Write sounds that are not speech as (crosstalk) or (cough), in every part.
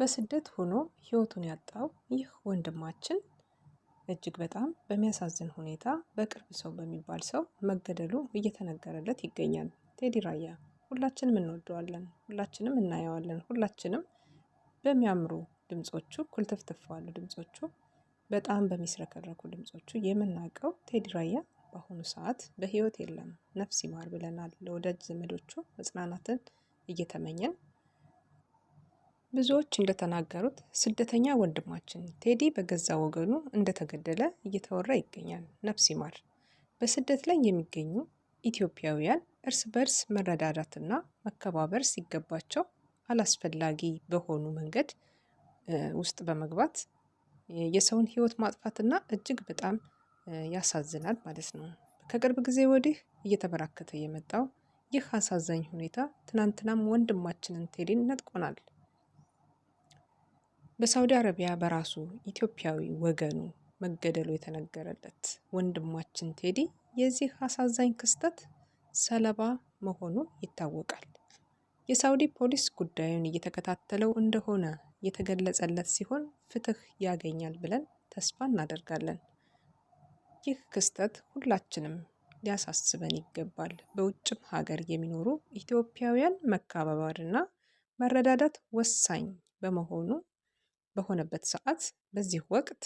በስደት ሆኖ ህይወቱን ያጣው ይህ ወንድማችን እጅግ በጣም በሚያሳዝን ሁኔታ በቅርብ ሰው በሚባል ሰው መገደሉ እየተነገረለት ይገኛል። ቴዲ ራያ ሁላችንም እንወደዋለን፣ ሁላችንም እናየዋለን፣ ሁላችንም በሚያምሩ ድምፆቹ ኩልትፍትፍ ባሉ ድምፆቹ በጣም በሚስረከረኩ ድምፆቹ የምናውቀው ቴዲ ራያ በአሁኑ ሰዓት በህይወት የለም። ነፍስ ይማር ብለናል። ለወዳጅ ዘመዶቹ መጽናናትን እየተመኘን ብዙዎች እንደተናገሩት ስደተኛ ወንድማችን ቴዲ በገዛ ወገኑ እንደተገደለ እየተወራ ይገኛል። ነፍስ ይማር። በስደት ላይ የሚገኙ ኢትዮጵያውያን እርስ በርስ መረዳዳትና መከባበር ሲገባቸው አላስፈላጊ በሆኑ መንገድ ውስጥ በመግባት የሰውን ሕይወት ማጥፋትና እጅግ በጣም ያሳዝናል ማለት ነው። ከቅርብ ጊዜ ወዲህ እየተበራከተ የመጣው ይህ አሳዛኝ ሁኔታ ትናንትናም ወንድማችንን ቴዲን ነጥቆናል። በሳውዲ አረቢያ በራሱ ኢትዮጵያዊ ወገኑ መገደሉ የተነገረለት ወንድማችን ቴዲ የዚህ አሳዛኝ ክስተት ሰለባ መሆኑ ይታወቃል። የሳውዲ ፖሊስ ጉዳዩን እየተከታተለው እንደሆነ የተገለጸለት ሲሆን ፍትህ ያገኛል ብለን ተስፋ እናደርጋለን። ይህ ክስተት ሁላችንም ሊያሳስበን ይገባል። በውጭም ሀገር የሚኖሩ ኢትዮጵያውያን መከባበርና መረዳዳት ወሳኝ በመሆኑ በሆነበት ሰዓት በዚህ ወቅት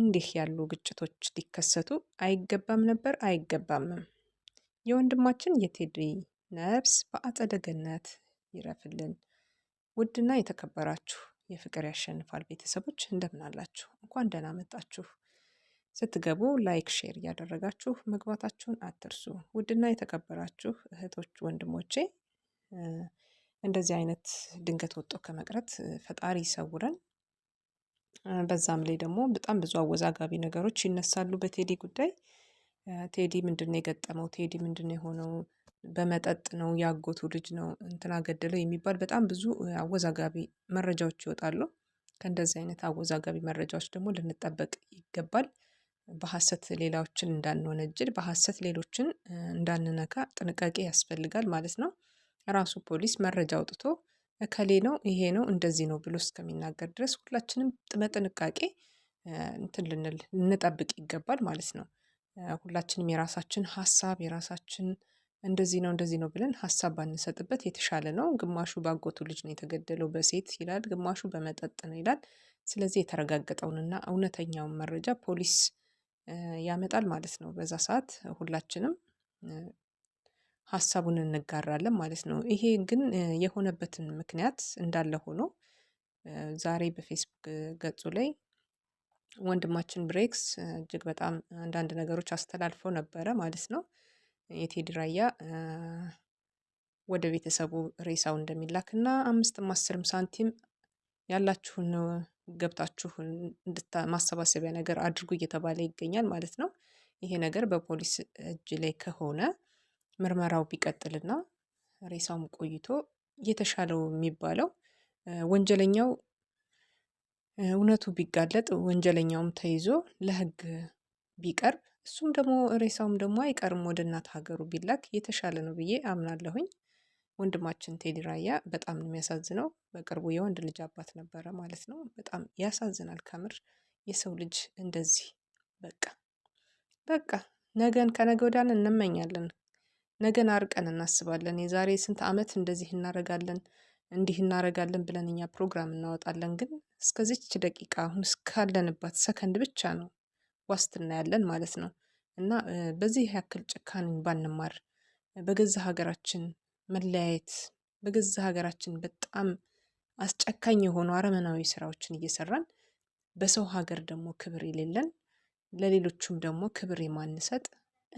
እንዲህ ያሉ ግጭቶች ሊከሰቱ አይገባም ነበር አይገባምም። የወንድማችን የቴዲ ነፍስ በአጸደ ገነት ይረፍልን። ውድና የተከበራችሁ የፍቅር ያሸንፋል ቤተሰቦች እንደምን አላችሁ? እንኳን ደህና መጣችሁ። ስትገቡ ላይክ፣ ሼር እያደረጋችሁ መግባታችሁን አትርሱ። ውድና የተከበራችሁ እህቶች፣ ወንድሞቼ እንደዚህ አይነት ድንገት ወጥቶ ከመቅረት ፈጣሪ ይሰውረን። በዛም ላይ ደግሞ በጣም ብዙ አወዛጋቢ ነገሮች ይነሳሉ በቴዲ ጉዳይ። ቴዲ ምንድነው የገጠመው? ቴዲ ምንድነው የሆነው? በመጠጥ ነው ያጎቱ ልጅ ነው እንትና ገደለው የሚባል በጣም ብዙ አወዛጋቢ መረጃዎች ይወጣሉ። ከእንደዚህ አይነት አወዛጋቢ መረጃዎች ደግሞ ልንጠበቅ ይገባል። በሐሰት ሌላዎችን እንዳንወነጅል በሀሰት ሌሎችን እንዳንነካ ጥንቃቄ ያስፈልጋል ማለት ነው። ራሱ ፖሊስ መረጃ አውጥቶ እከሌ ነው ይሄ ነው እንደዚህ ነው ብሎ እስከሚናገር ድረስ ሁላችንም በጥንቃቄ እንትን ልንል ልንጠብቅ ይገባል ማለት ነው። ሁላችንም የራሳችን ሀሳብ የራሳችን እንደዚህ ነው እንደዚህ ነው ብለን ሀሳብ ባንሰጥበት የተሻለ ነው። ግማሹ በአጎቱ ልጅ ነው የተገደለው በሴት ይላል ግማሹ በመጠጥ ነው ይላል። ስለዚህ የተረጋገጠውንና እውነተኛውን መረጃ ፖሊስ ያመጣል ማለት ነው። በዛ ሰዓት ሁላችንም ሀሳቡን እንጋራለን ማለት ነው። ይሄ ግን የሆነበትን ምክንያት እንዳለ ሆኖ ዛሬ በፌስቡክ ገጹ ላይ ወንድማችን ብሬክስ እጅግ በጣም አንዳንድ ነገሮች አስተላልፈው ነበረ ማለት ነው። የቴዲ ራያ ወደ ቤተሰቡ ሬሳው እንደሚላክ እና አምስትም አስርም ሳንቲም ያላችሁን ገብታችሁ ማሰባሰቢያ ነገር አድርጉ እየተባለ ይገኛል ማለት ነው። ይሄ ነገር በፖሊስ እጅ ላይ ከሆነ ምርመራው ቢቀጥልና ሬሳውም ቆይቶ የተሻለው የሚባለው ወንጀለኛው እውነቱ ቢጋለጥ ወንጀለኛውም ተይዞ ለሕግ ቢቀርብ እሱም ደግሞ ሬሳውም ደግሞ አይቀርም ወደ እናት ሀገሩ ቢላክ የተሻለ ነው ብዬ አምናለሁኝ። ወንድማችን ቴዲ ራያ በጣም ነው የሚያሳዝነው። በቅርቡ የወንድ ልጅ አባት ነበረ ማለት ነው። በጣም ያሳዝናል። ከምር የሰው ልጅ እንደዚህ በቃ በቃ ነገን ከነገ ወዲያን እንመኛለን ነገን አርቀን እናስባለን የዛሬ ስንት አመት እንደዚህ እናረጋለን እንዲህ እናረጋለን ብለን እኛ ፕሮግራም እናወጣለን ግን እስከዚች ደቂቃ አሁን እስካለንባት ሰከንድ ብቻ ነው ዋስትና ያለን ማለት ነው። እና በዚህ ያክል ጭካኔን ባንማር በገዛ ሀገራችን መለያየት በገዛ ሀገራችን በጣም አስጨካኝ የሆኑ አረመናዊ ስራዎችን እየሰራን በሰው ሀገር ደግሞ ክብር የሌለን ለሌሎቹም ደግሞ ክብር የማንሰጥ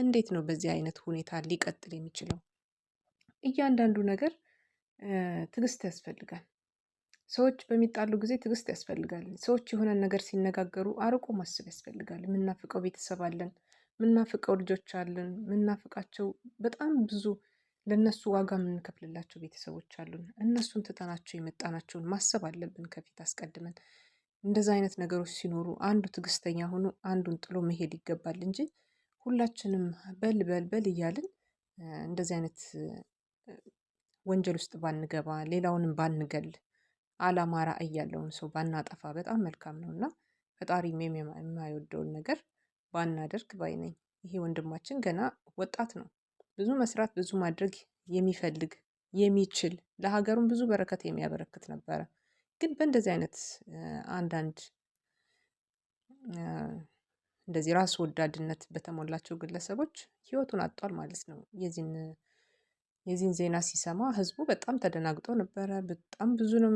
እንዴት ነው በዚህ አይነት ሁኔታ ሊቀጥል የሚችለው? እያንዳንዱ ነገር ትዕግስት ያስፈልጋል። ሰዎች በሚጣሉ ጊዜ ትዕግስት ያስፈልጋል ሰዎች የሆነን ነገር ሲነጋገሩ አርቆ ማሰብ ያስፈልጋል የምናፍቀው ቤተሰብ አለን የምናፍቀው ልጆች አለን የምናፍቃቸው በጣም ብዙ ለእነሱ ዋጋ የምንከፍልላቸው ቤተሰቦች አሉን እነሱን ትተናቸው የመጣናቸውን ማሰብ አለብን ከፊት አስቀድመን እንደዚ አይነት ነገሮች ሲኖሩ አንዱ ትዕግስተኛ ሆኖ አንዱን ጥሎ መሄድ ይገባል እንጂ ሁላችንም በል በል በል እያልን እንደዚህ አይነት ወንጀል ውስጥ ባንገባ ሌላውንም ባንገል አላማራ ራዕይ ያለውን ሰው ባናጠፋ በጣም መልካም ነው እና ፈጣሪም የማይወደውን ነገር ባናደርግ ባይ ነኝ። ይሄ ወንድማችን ገና ወጣት ነው። ብዙ መስራት ብዙ ማድረግ የሚፈልግ የሚችል ለሀገሩም ብዙ በረከት የሚያበረክት ነበረ። ግን በእንደዚህ አይነት አንዳንድ እንደዚህ ራስ ወዳድነት በተሞላቸው ግለሰቦች ህይወቱን አጥቷል ማለት ነው። የዚህን የዚህን ዜና ሲሰማ ህዝቡ በጣም ተደናግጦ ነበረ። በጣም ብዙንም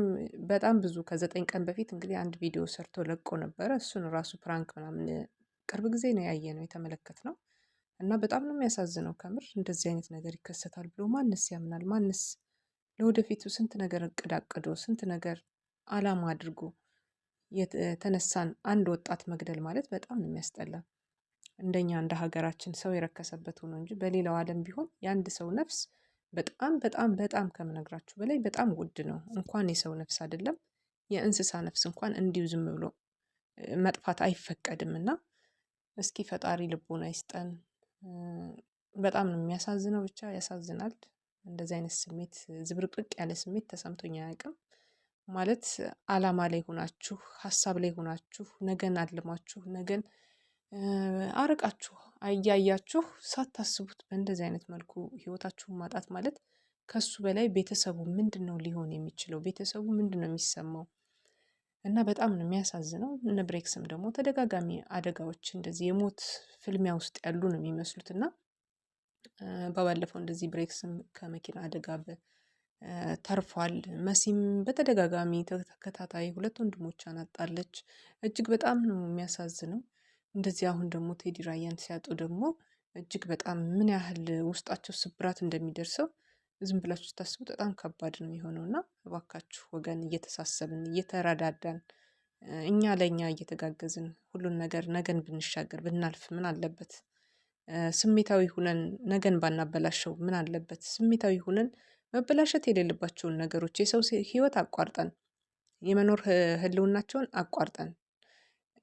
በጣም ብዙ ከዘጠኝ ቀን በፊት እንግዲህ አንድ ቪዲዮ ሰርቶ ለቆ ነበረ። እሱን ራሱ ፕራንክ ምናምን ቅርብ ጊዜ ነው ያየ ነው የተመለከት ነው። እና በጣም ነው የሚያሳዝነው ከምር እንደዚህ አይነት ነገር ይከሰታል ብሎ ማንስ ያምናል? ማንስ ለወደፊቱ ስንት ነገር እቅድ አቅዶ ስንት ነገር አላማ አድርጎ የተነሳን አንድ ወጣት መግደል ማለት በጣም ነው የሚያስጠላ እንደኛ እንደ ሀገራችን ሰው የረከሰበት ሆኖ እንጂ በሌላው ዓለም ቢሆን የአንድ ሰው ነፍስ በጣም በጣም በጣም ከምነግራችሁ በላይ በጣም ውድ ነው። እንኳን የሰው ነፍስ አይደለም የእንስሳ ነፍስ እንኳን እንዲሁ ዝም ብሎ መጥፋት አይፈቀድም እና እስኪ ፈጣሪ ልቦና ይስጠን። በጣም ነው የሚያሳዝነው። ብቻ ያሳዝናል። እንደዚህ አይነት ስሜት ዝብርቅርቅ ያለ ስሜት ተሰምቶኝ አያውቅም። ማለት አላማ ላይ ሆናችሁ ሀሳብ ላይ ሆናችሁ ነገን አልማችሁ ነገን አርቃችሁ አያያችሁ ሳታስቡት በእንደዚህ አይነት መልኩ ህይወታችሁን ማጣት ማለት ከሱ በላይ ቤተሰቡ ምንድን ነው ሊሆን የሚችለው? ቤተሰቡ ምንድን ነው የሚሰማው? እና በጣም ነው የሚያሳዝነው። እነ ብሬክስም ደግሞ ተደጋጋሚ አደጋዎች እንደዚህ የሞት ፍልሚያ ውስጥ ያሉ ነው የሚመስሉት እና በባለፈው እንደዚህ ብሬክስም ከመኪና አደጋ ተርፏል። መሲም በተደጋጋሚ ተከታታይ ሁለት ወንድሞቿን አጣለች። እጅግ በጣም ነው የሚያሳዝነው። እንደዚህ አሁን ደግሞ ቴዲ ራያን ሲያጡ ደግሞ እጅግ በጣም ምን ያህል ውስጣቸው ስብራት እንደሚደርሰው ዝም ብላችሁ ስታስቡ በጣም ከባድ ነው የሆነው እና እባካችሁ ወገን እየተሳሰብን እየተረዳዳን እኛ ለእኛ እየተጋገዝን ሁሉን ነገር ነገን ብንሻገር ብናልፍ ምን አለበት? ስሜታዊ ሁነን ነገን ባናበላሸው ምን አለበት? ስሜታዊ ሁነን መበላሸት የሌለባቸውን ነገሮች የሰው ህይወት አቋርጠን የመኖር ህልውናቸውን አቋርጠን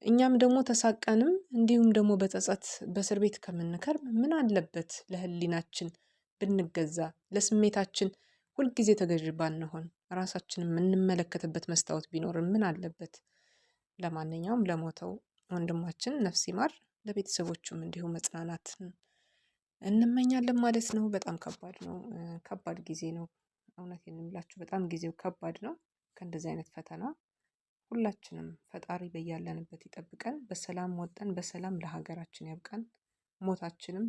እኛም ደግሞ ተሳቀንም እንዲሁም ደግሞ በጸጸት በእስር ቤት ከምንከርም ምን አለበት ለህሊናችን ብንገዛ ለስሜታችን ሁልጊዜ ተገዥ ባንሆን ራሳችን የምንመለከትበት መስታወት ቢኖርም ምን አለበት? ለማንኛውም ለሞተው ወንድማችን ነፍስ ይማር፣ ለቤተሰቦቹም እንዲሁ መጽናናትን እንመኛለን ማለት ነው። በጣም ከባድ ነው። ከባድ ጊዜ ነው። እውነት የምላችሁ በጣም ጊዜው ከባድ ነው። ከእንደዚህ አይነት ፈተና ሁላችንም ፈጣሪ በያለንበት ይጠብቀን። በሰላም ወጠን በሰላም ለሀገራችን ያብቃን። ሞታችንም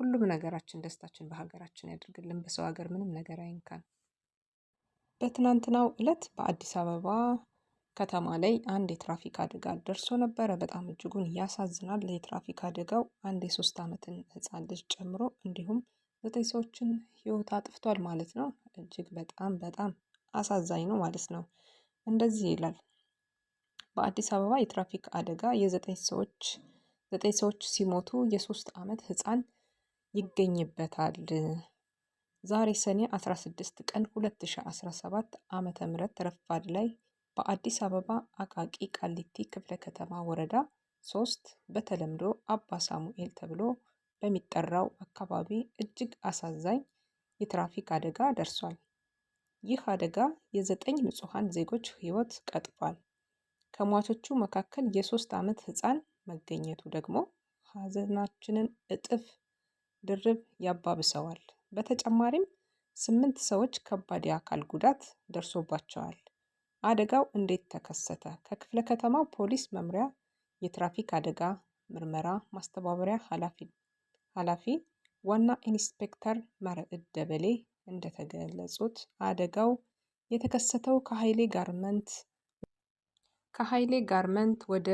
ሁሉም ነገራችን ደስታችን በሀገራችን ያድርግልን። በሰው ሀገር ምንም ነገር አይንካን። በትናንትናው ዕለት በአዲስ አበባ ከተማ ላይ አንድ የትራፊክ አደጋ ደርሶ ነበረ። በጣም እጅጉን ያሳዝናል። የትራፊክ አደጋው አንድ የሶስት ዓመትን ህፃን ልጅ ጨምሮ እንዲሁም ዘጠኝ ሰዎችን ህይወት አጥፍቷል ማለት ነው። እጅግ በጣም በጣም አሳዛኝ ነው ማለት ነው። እንደዚህ ይላል በአዲስ አበባ የትራፊክ አደጋ የዘጠኝ ሰዎች ዘጠኝ ሰዎች ሲሞቱ የሶስት ዓመት ህፃን ይገኝበታል። ዛሬ ሰኔ 16 ቀን 2017 ም ረፋድ ላይ በአዲስ አበባ አቃቂ ቃሊቲ ክፍለ ከተማ ወረዳ ሶስት በተለምዶ አባ ሳሙኤል ተብሎ በሚጠራው አካባቢ እጅግ አሳዛኝ የትራፊክ አደጋ ደርሷል። ይህ አደጋ የዘጠኝ ንጹሐን ዜጎች ሕይወት ቀጥፏል። ከሟቾቹ መካከል የሶስት ዓመት ሕፃን መገኘቱ ደግሞ ሐዘናችንን እጥፍ ድርብ ያባብሰዋል። በተጨማሪም ስምንት ሰዎች ከባድ የአካል ጉዳት ደርሶባቸዋል። አደጋው እንዴት ተከሰተ? ከክፍለ ከተማው ፖሊስ መምሪያ የትራፊክ አደጋ ምርመራ ማስተባበሪያ ኃላፊ ዋና ኢንስፔክተር መርዕድ ደበሌ እንደተገለጹት አደጋው የተከሰተው ከኃይሌ ጋርመንት ወደ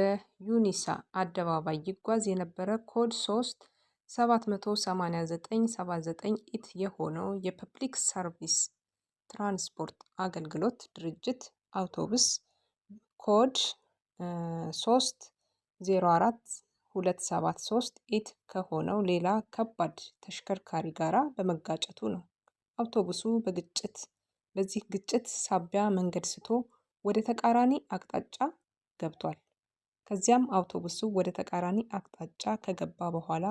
ዩኒሳ አደባባይ ይጓዝ የነበረ ኮድ 3 789979 ኢት የሆነው የፐብሊክ ሰርቪስ ትራንስፖርት አገልግሎት ድርጅት አውቶቡስ ኮድ ሶስት ዜሮ ኢት ከሆነው ሌላ ከባድ ተሽከርካሪ ጋር በመጋጨቱ ነው። አውቶቡሱ በግጭት በዚህ ግጭት ሳቢያ መንገድ ስቶ ወደ ተቃራኒ አቅጣጫ ገብቷል። ከዚያም አውቶቡሱ ወደ ተቃራኒ አቅጣጫ ከገባ በኋላ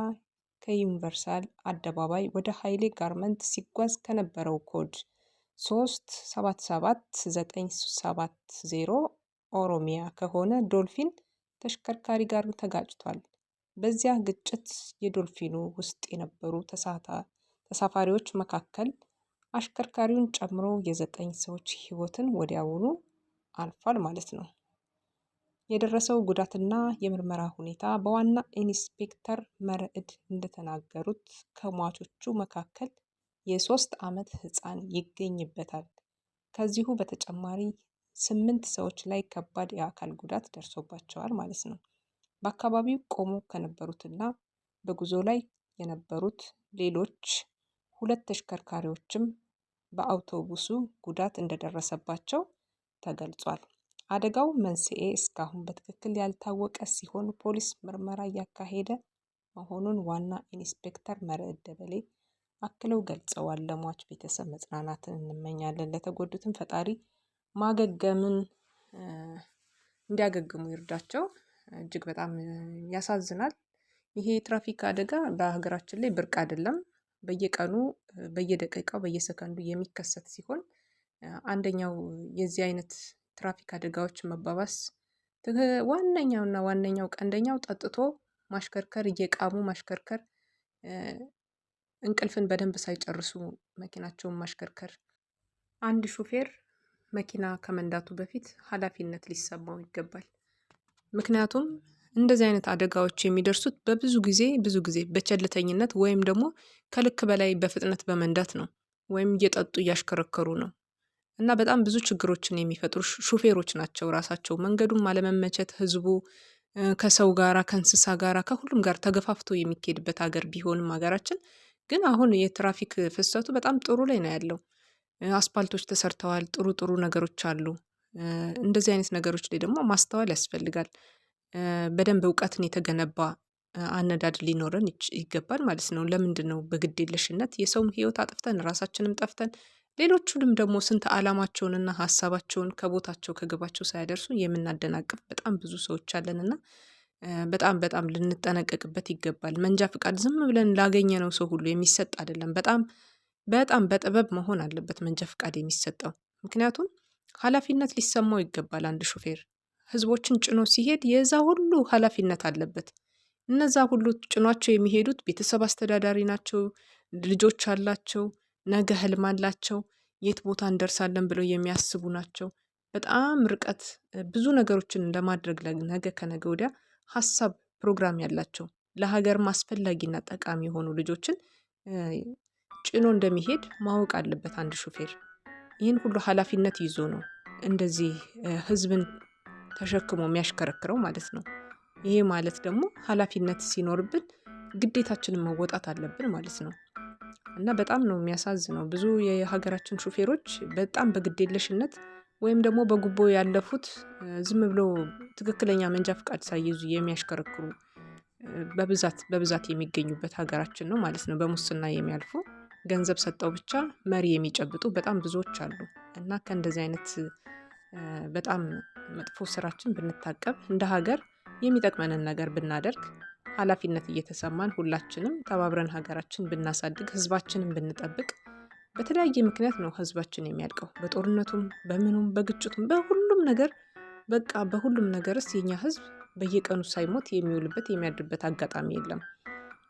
ከዩኒቨርሳል አደባባይ ወደ ኃይሌ ጋርመንት ሲጓዝ ከነበረው ኮድ ሶስት ሰባት ሰባት ዘጠኝ ሰባት ዜሮ ኦሮሚያ ከሆነ ዶልፊን ተሽከርካሪ ጋር ተጋጭቷል። በዚያ ግጭት የዶልፊኑ ውስጥ የነበሩ ተሳፋሪዎች መካከል አሽከርካሪውን ጨምሮ የዘጠኝ ሰዎች ህይወትን ወዲያውኑ አልፏል ማለት ነው። የደረሰው ጉዳትና የምርመራ ሁኔታ በዋና ኢንስፔክተር መርዕድ እንደተናገሩት ከሟቾቹ መካከል የሶስት ዓመት ሕፃን ይገኝበታል። ከዚሁ በተጨማሪ ስምንት ሰዎች ላይ ከባድ የአካል ጉዳት ደርሶባቸዋል ማለት ነው። በአካባቢው ቆሞ ከነበሩትና በጉዞ ላይ የነበሩት ሌሎች ሁለት ተሽከርካሪዎችም በአውቶቡሱ ጉዳት እንደደረሰባቸው ተገልጿል። አደጋው መንስኤ እስካሁን በትክክል ያልታወቀ ሲሆን ፖሊስ ምርመራ እያካሄደ መሆኑን ዋና ኢንስፔክተር መርዕድ ደበሌ አክለው ገልጸዋል። ለሟች ቤተሰብ መጽናናትን እንመኛለን። ለተጎዱትም ፈጣሪ ማገገምን እንዲያገግሙ ይርዳቸው። እጅግ በጣም ያሳዝናል። ይሄ የትራፊክ አደጋ በሀገራችን ላይ ብርቅ አይደለም። በየቀኑ በየደቂቃው በየሰከንዱ የሚከሰት ሲሆን አንደኛው የዚህ አይነት ትራፊክ አደጋዎች መባባስ ዋነኛውና ዋነኛው ቀንደኛው ጠጥቶ ማሽከርከር፣ እየቃሙ ማሽከርከር እንቅልፍን በደንብ ሳይጨርሱ መኪናቸውን ማሽከርከር። አንድ ሹፌር መኪና ከመንዳቱ በፊት ኃላፊነት ሊሰማው ይገባል። ምክንያቱም እንደዚህ አይነት አደጋዎች የሚደርሱት በብዙ ጊዜ ብዙ ጊዜ በቸልተኝነት ወይም ደግሞ ከልክ በላይ በፍጥነት በመንዳት ነው ወይም እየጠጡ እያሽከረከሩ ነው እና በጣም ብዙ ችግሮችን የሚፈጥሩ ሹፌሮች ናቸው ራሳቸው። መንገዱም አለመመቸት ህዝቡ ከሰው ጋራ ከእንስሳ ጋራ ከሁሉም ጋር ተገፋፍቶ የሚካሄድበት ሀገር ቢሆንም ሀገራችን ግን አሁን የትራፊክ ፍሰቱ በጣም ጥሩ ላይ ነው ያለው። አስፓልቶች ተሰርተዋል ጥሩ ጥሩ ነገሮች አሉ። እንደዚህ አይነት ነገሮች ላይ ደግሞ ማስተዋል ያስፈልጋል። በደንብ እውቀትን የተገነባ አነዳድ ሊኖረን ይገባል ማለት ነው። ለምንድነው በግዴለሽነት የሰውም ህይወት አጥፍተን ራሳችንም ጠፍተን ሌሎቹንም ደግሞ ስንት አላማቸውንና ሀሳባቸውን ከቦታቸው ከግባቸው ሳያደርሱ የምናደናቅፍ በጣም ብዙ ሰዎች አለን። እና በጣም በጣም ልንጠነቀቅበት ይገባል። መንጃ ፍቃድ ዝም ብለን ላገኘነው ሰው ሁሉ የሚሰጥ አይደለም። በጣም በጣም በጥበብ መሆን አለበት መንጃ ፍቃድ የሚሰጠው። ምክንያቱም ሀላፊነት ሊሰማው ይገባል። አንድ ሹፌር ህዝቦችን ጭኖ ሲሄድ የዛ ሁሉ ሀላፊነት አለበት። እነዛ ሁሉ ጭኗቸው የሚሄዱት ቤተሰብ አስተዳዳሪ ናቸው፣ ልጆች አላቸው፣ ነገ ህልም አላቸው፣ የት ቦታ እንደርሳለን ብለው የሚያስቡ ናቸው። በጣም ርቀት ብዙ ነገሮችን ለማድረግ ነገ ከነገ ወዲያ ሀሳብ፣ ፕሮግራም ያላቸው ለሀገር አስፈላጊና ጠቃሚ የሆኑ ልጆችን ጭኖ እንደሚሄድ ማወቅ አለበት አንድ ሹፌር። ይህን ሁሉ ኃላፊነት ይዞ ነው እንደዚህ ህዝብን ተሸክሞ የሚያሽከረክረው ማለት ነው። ይሄ ማለት ደግሞ ኃላፊነት ሲኖርብን ግዴታችንን መወጣት አለብን ማለት ነው። እና በጣም ነው የሚያሳዝነው ብዙ የሀገራችን ሹፌሮች በጣም በግዴለሽነት ወይም ደግሞ በጉቦ ያለፉት ዝም ብሎ ትክክለኛ መንጃ ፍቃድ ሳይዙ የሚያሽከረክሩ በብዛት በብዛት የሚገኙበት ሀገራችን ነው ማለት ነው። በሙስና የሚያልፉ ገንዘብ ሰጠው ብቻ መሪ የሚጨብጡ በጣም ብዙዎች አሉ እና ከእንደዚህ አይነት በጣም መጥፎ ስራችን ብንታቀብ እንደ ሀገር የሚጠቅመንን ነገር ብናደርግ ኃላፊነት እየተሰማን ሁላችንም ተባብረን ሀገራችን ብናሳድግ ህዝባችንን ብንጠብቅ በተለያየ ምክንያት ነው ህዝባችን የሚያልቀው። በጦርነቱም፣ በምኑም፣ በግጭቱም፣ በሁሉም ነገር በቃ በሁሉም ነገርስ የኛ ህዝብ በየቀኑ ሳይሞት የሚውልበት የሚያድርበት አጋጣሚ የለም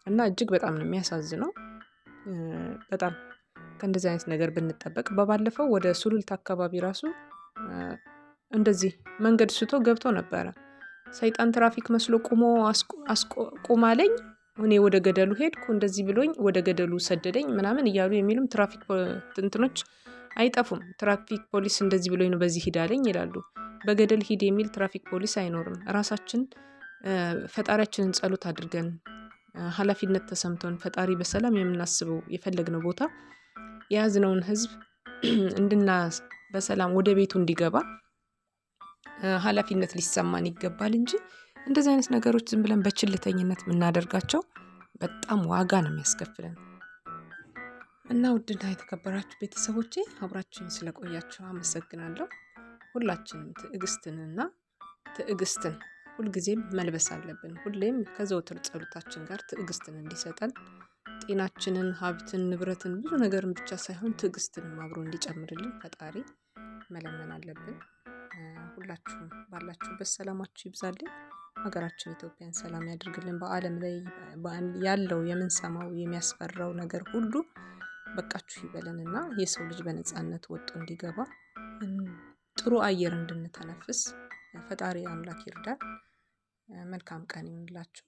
እና እጅግ በጣም ነው የሚያሳዝነው። በጣም ከእንደዚህ አይነት ነገር ብንጠበቅ። በባለፈው ወደ ሱሉልት አካባቢ ራሱ እንደዚህ መንገድ ስቶ ገብቶ ነበረ። ሰይጣን ትራፊክ መስሎ ቁሞ አስቁማለኝ እኔ ወደ ገደሉ ሄድኩ እንደዚህ ብሎኝ ወደ ገደሉ ሰደደኝ ምናምን እያሉ የሚሉም ትራፊክ እንትኖች አይጠፉም። ትራፊክ ፖሊስ እንደዚህ ብሎኝ ነው በዚህ ሂዳለኝ ይላሉ። በገደል ሂድ የሚል ትራፊክ ፖሊስ አይኖርም። ራሳችን ፈጣሪያችንን ጸሎት አድርገን ኃላፊነት ተሰምቶን ፈጣሪ በሰላም የምናስበው የፈለግነው ቦታ የያዝነውን ህዝብ (clears throat) እንድና በሰላም ወደ ቤቱ እንዲገባ ኃላፊነት ሊሰማን ይገባል እንጂ እንደዚህ አይነት ነገሮች ዝም ብለን በችልተኝነት የምናደርጋቸው በጣም ዋጋ ነው የሚያስከፍለን። እና ውድና የተከበራችሁ ቤተሰቦቼ አብራችሁን ስለቆያችሁ አመሰግናለሁ። ሁላችንም ትዕግስትንና ትዕግስትን ሁልጊዜም መልበስ አለብን። ሁሌም ከዘወትር ጸሎታችን ጋር ትዕግስትን እንዲሰጠን ጤናችንን፣ ሀብትን፣ ንብረትን ብዙ ነገርን ብቻ ሳይሆን ትዕግስትንም አብሮ እንዲጨምርልን ፈጣሪ መለመን አለብን። ሁላችሁም ባላችሁበት ሰላማችሁ ይብዛልኝ። ሀገራችን ኢትዮጵያን ሰላም ያደርግልን። በዓለም ላይ ያለው የምንሰማው የሚያስፈራው ነገር ሁሉ በቃችሁ ይበለን እና የሰው ልጅ በነፃነት ወጥቶ እንዲገባ ጥሩ አየር እንድንተነፍስ ፈጣሪ አምላክ ይርዳል። መልካም ቀን ይሁንላችሁ።